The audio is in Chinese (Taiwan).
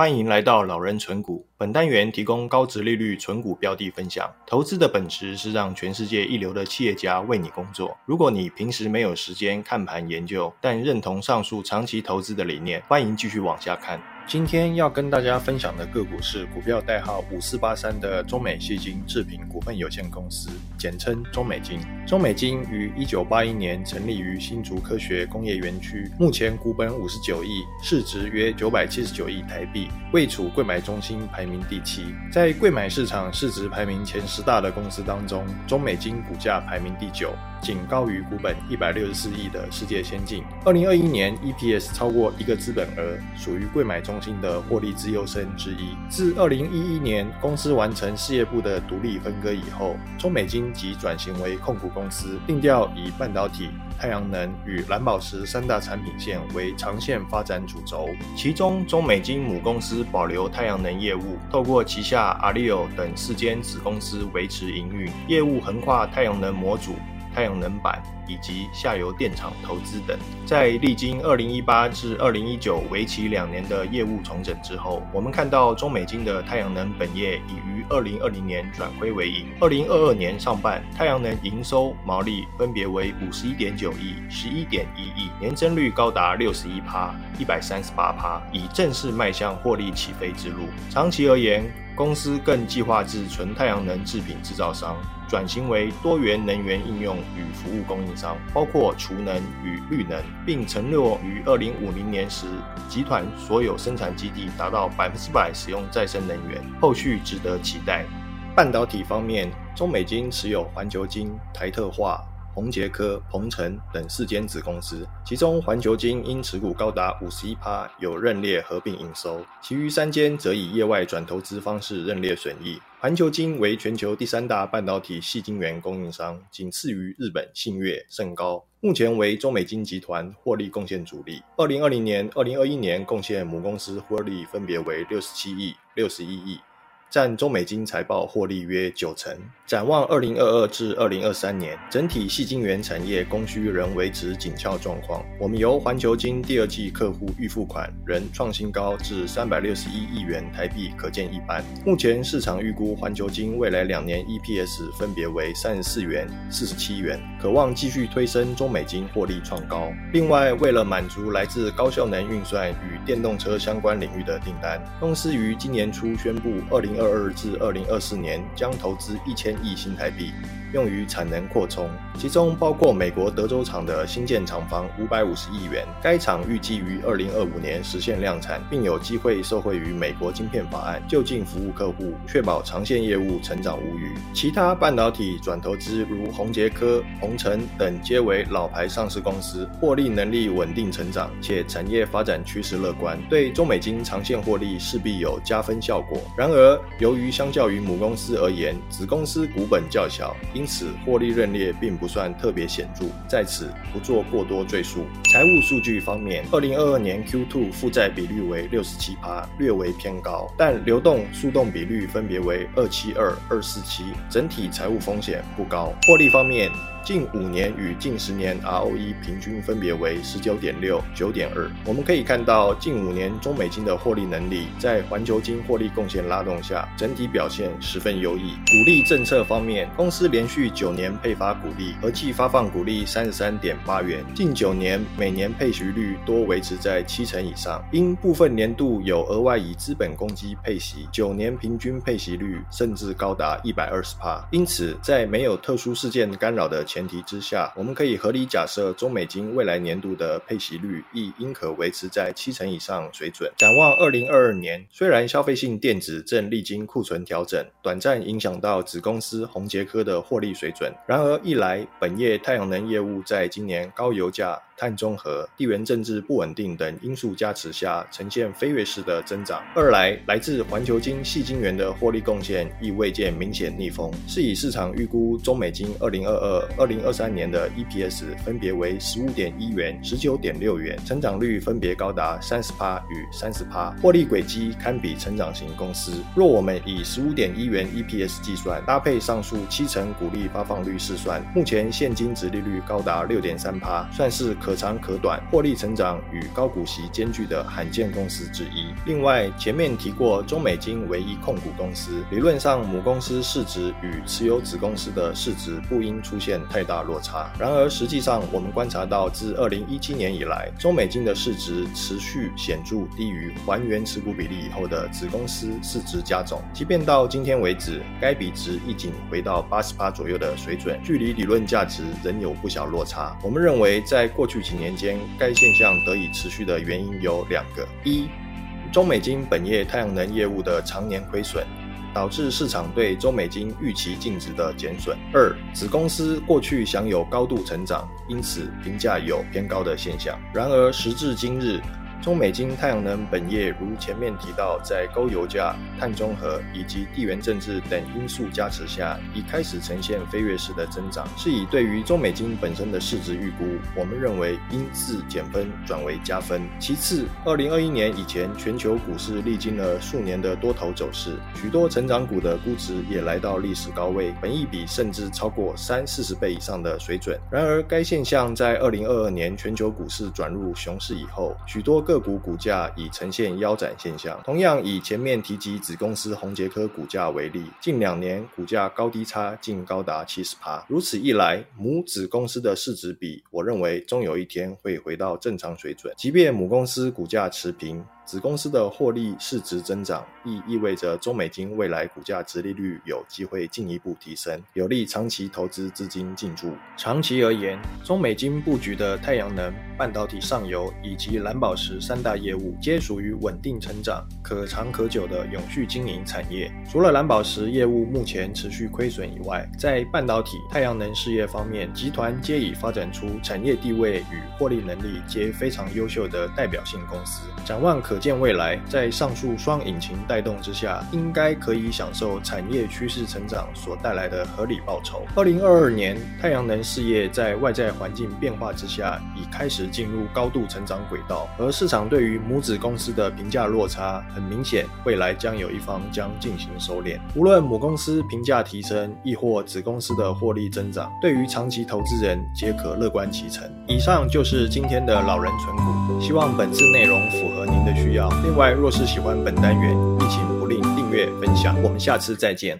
歡迎來到老人存股。本單元提供高殖利率存股標的分享。投資的本質是讓全世界一流的企業家為你工作。如果你平時沒有時間看盤研究，但認同上述長期投資的理念，歡迎繼續往下看。今天要跟大家分享的個股是股票代號五四八三的中美矽晶製品股份有限公司，簡稱中美晶。中美晶於一九八一年成立於新竹科學工業園區，目前股本五十九億，市值約九百七十九億台幣，位處櫃買中心排名第七。在櫃買市場市值排名前十大的公司當中，中美晶股價排名第九。僅高於股本一百六十四億的世界先進，二零二一年 EPS 超過一個資本額，屬於櫃買中心的獲利之優生獲利資優生之一。自二零一一年公司完成事業部的獨立分割以後，中美晶即轉型為控股公司，定調以半導體、太陽能與藍寶石三大產品線為長線發展主軸。其中，中美晶母公司保留太陽能業務，透過旗下 Ario 等四間子公司維持營運，業務橫跨太陽能模組。太陽能板以及下游電廠投資等，在歷經二零一八至二零一九為期兩年的業務重整之後，我們看到中美晶的太陽能本業已於二零二零年轉虧為盈。二零二二年上半年，太陽能營收毛利分別為五十一點九億、十一點一億，年增率高達六十一趴、一百三十八趴，已正式邁向獲利起飛之路。長期而言，公司更計劃自純太陽能製品製造商轉型為多元能源應用與服務供應商，包括儲能與綠能，並承諾於二零五零年時，集團所有生產基地達到百分之百使用再生能源。後續值得期待。半導體方面，中美晶持有環球晶、台特化。宏捷科、朋程等四間子公司，其中環球晶因持股高達五十一趴，有認列合併營收；其餘三間則以業外轉投資方式認列損益。環球晶為全球第三大半導體矽晶圓供應商，僅次於日本信越、勝高，目前為中美晶集團獲利貢獻主力。二零二零年、二零二一年貢獻母公司獲利分別為六十七億、六十一億。占中美晶財報獲利約九成。展望二零二二至二零二三年，整體矽晶圓產業供需仍維持緊俏狀況。我們由環球晶第二季客戶預付款仍創新高至三百六十一億元台幣，可見一斑。目前市場預估環球晶未來兩年 EPS 分別為三十四元、四十七元，可望繼續推升中美晶獲利創高。另外，為了滿足來自高效能運算與電動車相關領域的訂單，公司於今年初宣布二零。二二至二零二四年將投資一千億新台幣，用於產能擴充，其中包括美國德州廠的新建廠房五百五十億元。該廠預計於二零二五年實現量產，並有機會受惠於美國晶片法案，就近服務客戶，確保長線業務成長無虞。其他半導體轉投資如宏捷科、宏成等，皆為老牌上市公司，獲利能力穩定成長，且產業發展趨勢樂觀，對中美晶長線獲利勢必有加分效果。然而，由於相較於母公司而言，子公司股本較小，因此獲利認列並不算特別顯著，在此不做過多贅述。財務數據方面，二零二二年 Q2 負債比率為六十七趴，略為偏高，但流動速動比率分別為二七二、二四七，整體財務風險不高。獲利方面，近五年與近十年 ROE 平均分別為十九點六、九點二。我們可以看到，近五年中美晶的獲利能力在環球晶獲利貢獻拉動下，整體表現十分優異。股利政策方面，公司連續九年配發股利，合計發放股利三十三點八元。近九年每年配息率多維持在七成以上，因部分年度有額外以資本公積配息，九年平均配息率甚至高達一百二十趴。因此，在沒有特殊事件干擾的前提之下，我們可以合理假設中美晶未來年度的配息率亦應可維持在七成以上水準。展望二零二二年，雖然消費性電子正歷經庫存調整，短暫影響到子公司宏捷科的獲利水準；然而一來，本業太陽能業務在今年高油價、碳中和、地緣政治不穩定等因素加持下，呈現飛躍式的增長；二來，來自環球晶矽晶圓的獲利貢獻亦未見明顯逆風，是以市場預估中美晶二零二二。二零二三年的 EPS 分別為十五點一元、十九點六元，成長率分別高達三十趴與三十趴，獲利軌跡堪比成長型公司。若我們以十五點一元 EPS 計算，搭配上述七成股利發放率試算，目前現金殖利率高達六點三%，算是可長可短、獲利成長與高股息兼具的罕見公司之一。另外，前面提過中美晶唯一控股公司，理論上母公司市值與持有子公司的市值不應出現。太大落差。然而，實際上我們觀察到，自二零一七年以來，中美晶的市值持續顯著低於還原持股比例以後的子公司市值加總。即便到今天為止，該比值亦僅回到八十八左右的水準，距離理論價值仍有不小落差。我們認為，在過去幾年間，該現象得以持續的原因有兩個：一、中美晶本業太陽能業務的常年虧損。導致市場對中美晶預期淨值的減損。二子公司過去享有高度成長，因此評價有偏高的現象。然而時至今日。中美晶太陽能本業，如前面提到，在高油價、碳中和以及地緣政治等因素加持下，已開始呈現飛躍式的增長。是以對於中美晶本身的市值預估，我們認為應是減分轉為加分。其次，二零二一年以前，全球股市歷經了數年的多頭走勢，許多成長股的估值也來到歷史高位，本益比甚至超過三四十倍以上的水準。然而，該現象在二零二二年全球股市轉入熊市以後，許多個股股價已呈現腰斬現象。同樣，以前面提及子公司宏捷科股價為例，近兩年股價高低差竟高達七十趴。如此一來，母子公司的市值比，我認為終有一天會回到正常水準，即便母公司股價持平。子公司的獲利市值增長，亦意味着中美晶未來股價殖利率有機會進一步提升，有利長期投資資金進駐。長期而言，中美晶布局的太陽能、半導體上游以及藍寶石三大業務，皆屬於穩定成長、可長可久的永續經營產業。除了藍寶石業務目前持續虧損以外，在半導體、太陽能事業方面，集團皆已發展出產業地位與獲利能力皆非常優秀的代表性公司。展望可。可見未來，在上述雙引擎帶動之下，應該可以享受產業趨勢成長所帶來的合理報酬。二零二二年，太陽能事業在外在環境變化之下，已開始進入高度成長軌道，而市場對於母子公司的評價落差很明顯，未來將有一方將進行收斂。無論母公司評價提升，抑或子公司的獲利增長，對於長期投資人皆可樂觀其成。以上就是今天的老人存股，希望本次內容符合您的。需要。另外，若是喜歡本單元，也請不吝訂閱分享。我們下次再見。